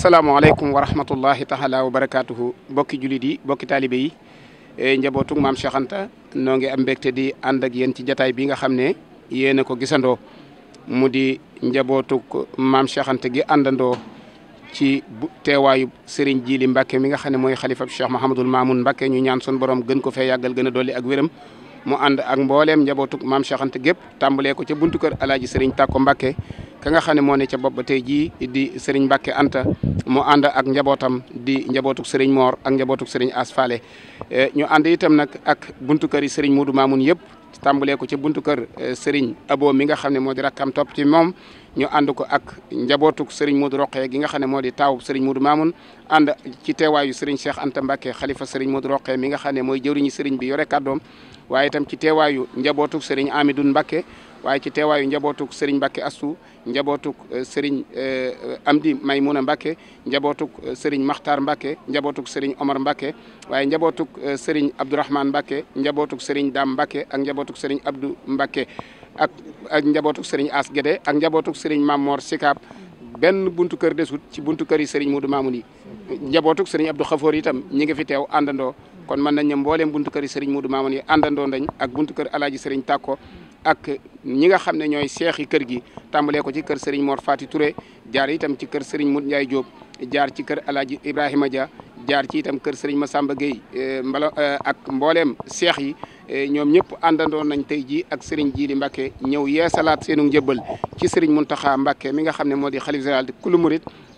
asalaamaaleykum wa rahmatullahi taala wa barakaatuhu bokki jullit yi bokki taalibe yi e, njabootu maam Cheikh Anta noo ngi am mbégte di ànd ak yéen ci jataay bi nga xam ne yéen a ko gisandoo mu di njabootu maam Cheikh Anta gi àndandoo ci teewaayu Serigne Djili Mbacke mi nga xam ne mooy xalifab Cheikh Mahamadul Mamoun Mbacke ñu ñaan sun borom gën ko fee yàggal gën a ak wéram mu ànd ak mbooleem njabootu maam Cheikh gépp tàmbalee ko ca buntu kër alaaji Serigne Tako Mbacke ka nga xam ne moo ne ca bopp ba tey jii di Serigne Mbacke Anta mu ànd ak njabootam di njabootuk Serigne Mor ak njabootuk sëriñ Asfale eh, ñu ànd itam nag ak buntu kër yi Serigne Modou Mamoun yëpp. tàmbalee ko ci buntu kër eh, Serigne Abo mi nga xam ne moo di rakkam topp ci moom ñu ànd ko ak njabootuk Serigne Modou Roqee gi nga xam ne moo di seriñ Serigne Modou Mamoun ànd ci teewaayu Serigne Cheikh Anta Mbacke xalifa Serigne Modou Roqee mi nga xam ne mooy jëwriñu seriñ bi yore kàddoom waaye itam ci teewaayu njabootuk Serigne Amidoun Mbacke waaye ci teewaayu njabootuk Serigne Mbacke Astou njabootuk eh, Serigne eh, Amdi Maymouna Mbacke njabootuk Serigne Makhtar Mbacke njabootuk Serigne Omar Mbacke waaye njabootuk Serigne Abdourahmane Mbacke njabootuk Serigne Dame Mbacke ak njabootuk sëriñ Abdou Mbacké ak ak njabootuk sëriñ As Guédé ak njabootuk sëriñ Mamor Sikaab benn buntu kër desut ci buntu kër yi sëriñ Modou Mamoun yi njabootuk sëriñ Abdou Khafour itam ñi ngi fi teew àndandoo kon mën nañ ne mbooleem buntu kër yi sëriñ Modou Mamoun yi àndandoo ndañ ak buntu kër alaaji sëriñ Tàkko ak ñi nga xam ne ñooy seexi kër gi tàmbalee ko ci kër sëriñ Mor Fati ture jaar itam ci kër sëriñ Modou Ndiaye Diop jaar ci kër alaaji Ibrahima Dia jaar ci itam kër sëriñ Massamba Gueye eh, mbala eh, ak mbooleem seex yi e ñoom ñëpp àndandoon nañ tey jii ak Serigne Djily Mbacké ñëw yeesalaat seenu njëbbal ci mun Mountakha mbake mi nga xam ne moo di xalif général di kulu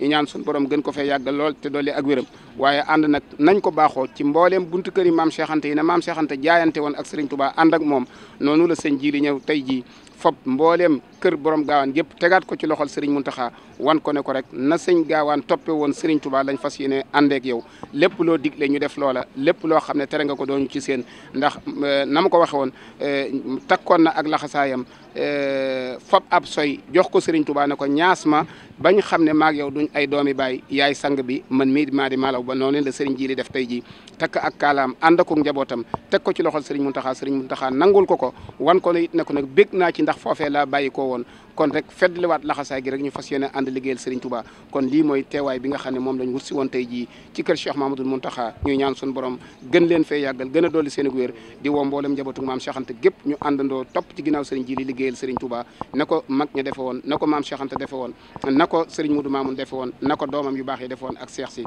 ñaan suñu borom gën ko fee yàggal lool te doole ak wéram waaye ànd nag nañ ko baaxoo ci mbooleem buntu kër yi maam Cheikh Anta yi na maam Cheikh Anta jaayante woon ak Serigne Touba ànd ak moom noonu la sëñ Djily ñëw tey jii fop mbooleem kër borom gaawaan yëpp tegaat ko ci loxol Serigne Mountakha wan ko ne ko rek na sëñ gaawaan toppe woon Serigne Touba lañ fas yéene àndeek yow lépp loo digle ñu def loola lépp loo xam ne tere nga ko doon ci seen ndax euh, na ma ko waxe woon euh, takkoon na ak laxasaayam euh, fop ab soy jox ko Serigne Touba ne ko ñaas ma bañ xam ne maag yow duñ ay doomi baay yaay sang bi man mii maa di maalaw ba noonu la Serigne ji li def tey ji takk ak kaalaam ànd ak njabootam teg ko ci loxol Serigne Mountakha Serigne Mountakha nangul ko ko wan ko ko nag bég naa ci ndax foofee laa bàyyi ko woon kon rek feddliwaat laxasaay gi rek ñu fas yéene ànd liggéeyal Serigne Touba kon lii mooy teewaay bi nga xam ne moom lañ wut si woon tey jii ci kër Cheikh Mamadou Mountakha ñuy ñaan suñu borom gën leen fee yàggal gën a dolli seen wér di woo mboolem njabootu maam Cheikh Anta gépp ñu àndandoo topp ci ginnaaw Serigne ji li liggéeyal Serigne Touba na ko mag ña defe woon na ko maam Cheikh defe woon na ko Serigne Moudou Mamoun defe woon na ko doomam yu baax yi defe woon ak Cheikh si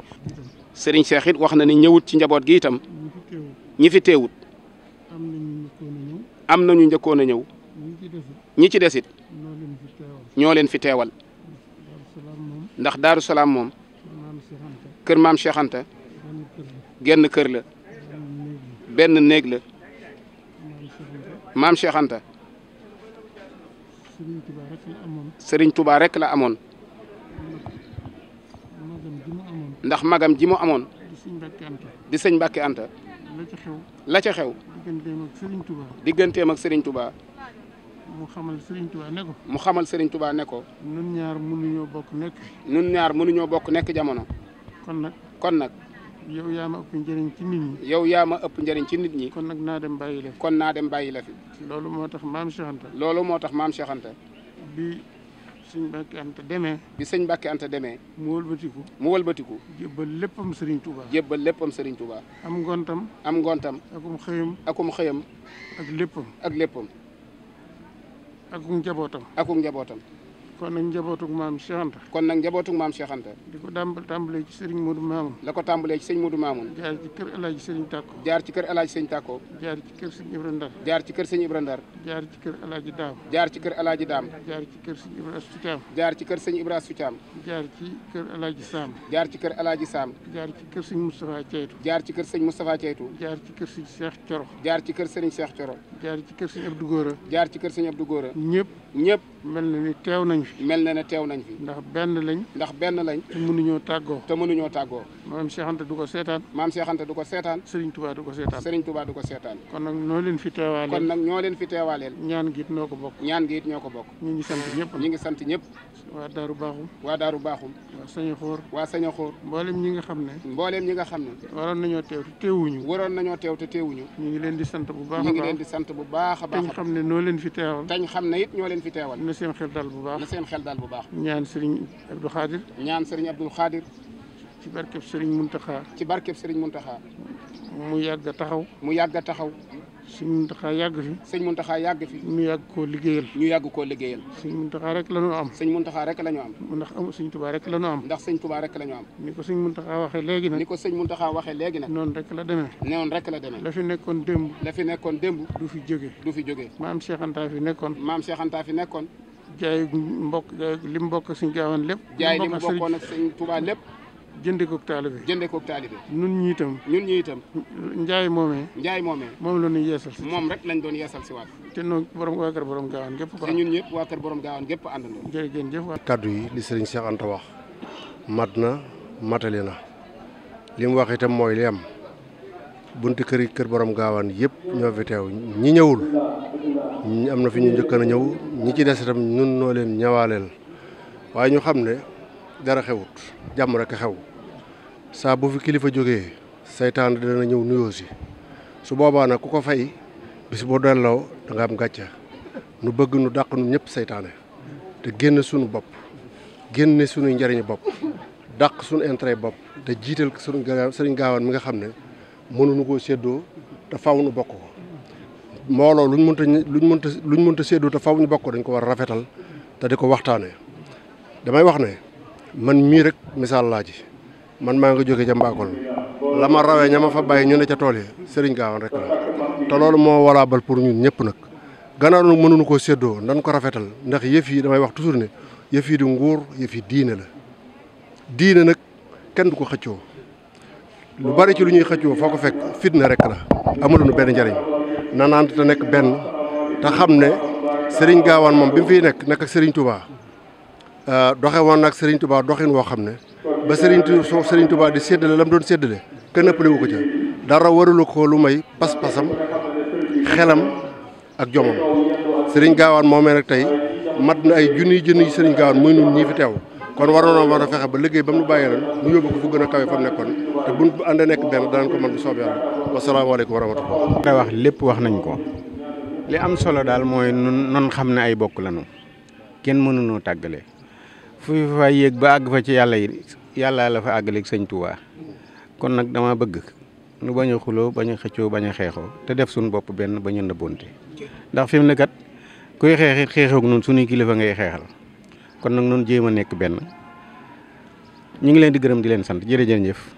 Serigne Cheikh it wax na ni ñëwut ci njaboot gi itam ñi fi teewut am nañu njëkkoon a ñëw ñi ci desit ñoo leen fi teewal ndax Daaru Salaam moom kër maam Cheikh genn kër la benn néeg la maam Cheikh Anta Serigne rekk la amoon ndax magam ji mu amoon di sëñ Mbàkke Anta la ca xew digganteem ak Serigne Touba. mu xamal Serigne Touba ne ko. mu xamal Serigne Touba ne ko. nun ñaar mënuñoo bokk nekk. nun ñaar mënuñoo bokk nekk jamono. kon nag kon nag. yow yaa ma ëpp njëriñ ci nit ñi. yow yaa ma ëpp njëriñ ci nit ñi. kon nag naa dem bàyyi la fi. kon naa dem bàyyi la fi. loolu moo tax maam Cheikh Anta. loolu moo tax maam Cheikh bi sëñ Mbacke Anta demee. bi sëñ Mbacke Anta demee. mu wëlbatiku. mu wëlbatiku. jébbal léppam Serigne Touba. jébbal léppam Serigne Touba. am ngontam. am ngontam. akum xëyam. akum xëyam. ak léppam. ak léppam. akum njabootam. ak njabootam. kon nag njabootug maam Cheikh Anta kon nag njabootug maam Cheikh Anta di ko dàmb tàmbalee ci sëriñ Modou Mamoun la ko tàmbalee ci sëriñ Modou Mamoun jaar ci kër El Hadj Sëriñ Tàkko jaar ci kër El Hadj Sëriñ Tàkko jaar ci kër sëriñ Ibra Ndar jaar ci kër sëriñ Ibra Ndar jaar ci kër El Hadj Daam jaar ci kër El Hadj Daam jaar ci kër sëriñ Ibra Soutiam jaar ci kër sëriñ Ibra Soutiam jaar ci kër El Hadj Sam jaar ci kër El Hadj Sam jaar ci kër sëriñ Moustapha Ceytu jaar ci kër sëriñ Moustapha Ceytu jaar ci kër sëriñ Cheikh Thioro jaar ci kër sëriñ Cheikh Thioro jaar ci kër sëriñ Abdou Gora jaar ci kër sëriñ Abdou Gora ñëpp ñëpp mel na ni teew nañ mel na ne teew nañ fi ndax benn lañ ndax benn lañ te mënuñoo tàggoo te mënuñoo tàggoo maam Cheikh Anta du ko seetaan maam Cheikh Anta du ko seetaan Serigne Touba du ko seetaan Serigne ko seetaan kon nag ñoo leen fi teewaaleel kon nag ñoo leen fi ñaan gi it noo ko bokk ñaan gi it ñoo ko bokk ñu ngi sant ñëpp ñu ngi sant ñëpp waa Daaru Baaxum waa Daaru Baaxum waa waa Saña Xóor mbooleem ñi nga xam ne mbooleem ñi nga xam ne waroon nañoo teew te teewuñu waroon nañoo teew te teewuñu ñu ngi leen di sant bu baax di sant bu baax a baax xam ne noo leen fi teewal tañ xam ne it ñoo leen fi teewal na seen bu baax na xel dal bu baax ñaan Serigne Abdou Khadir ñaan Serigne Abdou Khadir ci barkeb Serigne Mountakha. ci barkeb Serigne Mountakha. mu yàgg a taxaw. mu yàgg a taxaw. sëñ Mountakha yàgg fi. sëñ Mountakha yàgg fi. ñu yàgg koo liggéeyal. ñu yàgg koo liggéeyal. sëñ Mountakha rek la ñu am. sëñ Mountakha rek la ñu am. ndax am sëñ Touba rek la ñu am. ndax sëñ Touba rek la ñu am. ni ko sëñ Mountakha waxee léegi nag. ni ko sëñ Mountakha waxee léegi nag. noonu rek la demee. noonu rek la demee. la fi nekkoon démb. la fi nekkoon démb. du fi jógee. du fi jógee. maam Cheikh Anta fi nekkoon. maam Cheikh Anta fi nekkoon. jaay mbokk jaay li mu bokk suñu gaawaan lépp. jaay li mu bokkoon ak sëñ Touba lépp jëndee koog taalibe jëndee koog taalibe ñun ñii itam ñun ñii itam njaay moomee njaay moomee moom la ñuy yeesal si moom rek lañ doon yeesal si waat te noonu borom waa kër borom gaawaan gépp te ñun ñëpp waa kër borom gaawaan gépp àndandoo jërë ngeen jëf yi li sëriñ Cheikh Anta wax mat na matali na li mu wax itam mooy li am bunti kër yi kër borom gaawaan yëpp ñoo fi teew ñi ñëwul am na fi ñu njëkkan a ñëw ñi ci des itam ñun noo leen ñëwaaleel waaye ñu xam ne dara xewut jàmm rek xew saa bu fi kilifa jógee saytaan dana ñëw nuyoo si su boobaa nag ku ko fay bis boo delloo da am gàcca nu bëgg nu dàq nu ñëpp seytaane te génn suñu bopp génn suñuy njariñu bopp dàq suñu intérêt bopp te jiital suñu sëriñ gaawaan mi nga xam ne mënuñu koo séddoo te faw nu bokk ko mbooloo luñ mënta luñ mënta luñ mënta séddoo te faw ñu bokk ko dañ ko war a rafetal te di ko waxtaanee damay wax ne man mii rek misaal laa ci man maa nga jóge ca Mbakol la ma rawee ña ma fa bàyyi ñu ne ca tool yi sëriñ Gaawaan rek la te loolu moo walaabal pour ñun ñëpp nag gannaaw nu mënuñu koo séddoo nan ko rafetal ndax yëf yi damay wax toujours ne yëf yi di nguur yëf yi diine la diine nag kenn du ko xëccoo lu bari ci lu ñuy xëccoo foo ko fekk fitna rek la amaluñu benn njariñ nanaante te nekk benn te xam ne sëriñ Gaawaan moom bi mu fiy nekk nekk sëriñ Touba. Euh, doxe woon nag Serigne Touba doxin woo xam ne ba Serigne Touba Serigne Touba di séddale la mu doon séddale kenn ëppale wu ko ca dara warulu ko lu may pas-pasam xelam ak jomam Serigne Gaawaan moomee nag tey mat na ay junniy junniy Serigne Gaawaan muy nun ñii fi teew kon waroon war a fexe ba liggéey ba mu bàyyi lan mu yóbbu ko fu gën a kawe fa nekkoon te bu ànd nekk benn danañ ko mën bu soob yàlla wasalaamaaleykum wax lépp wax nañ ko li am solo daal mooy nun noon xam ne ay bokk lañu kenn mënuñoo tàggale fu fa yéeg ba àgg fa ci yàlla yi yàlla la fa àggaleeg sëñ Tuubaa kon nag dama bëgg nu bañ a xuloo bañ a xëccoo bañ a xeexoo te def suñu bopp benn bañ a nëbbonte ndax fi mu ne kuy xeexit xeexoog noonu suñuy kilifa ngay xeexal kon nag noonu jéem a nekk benn ñu ngi leen di gërëm di leen sant jërëjëf.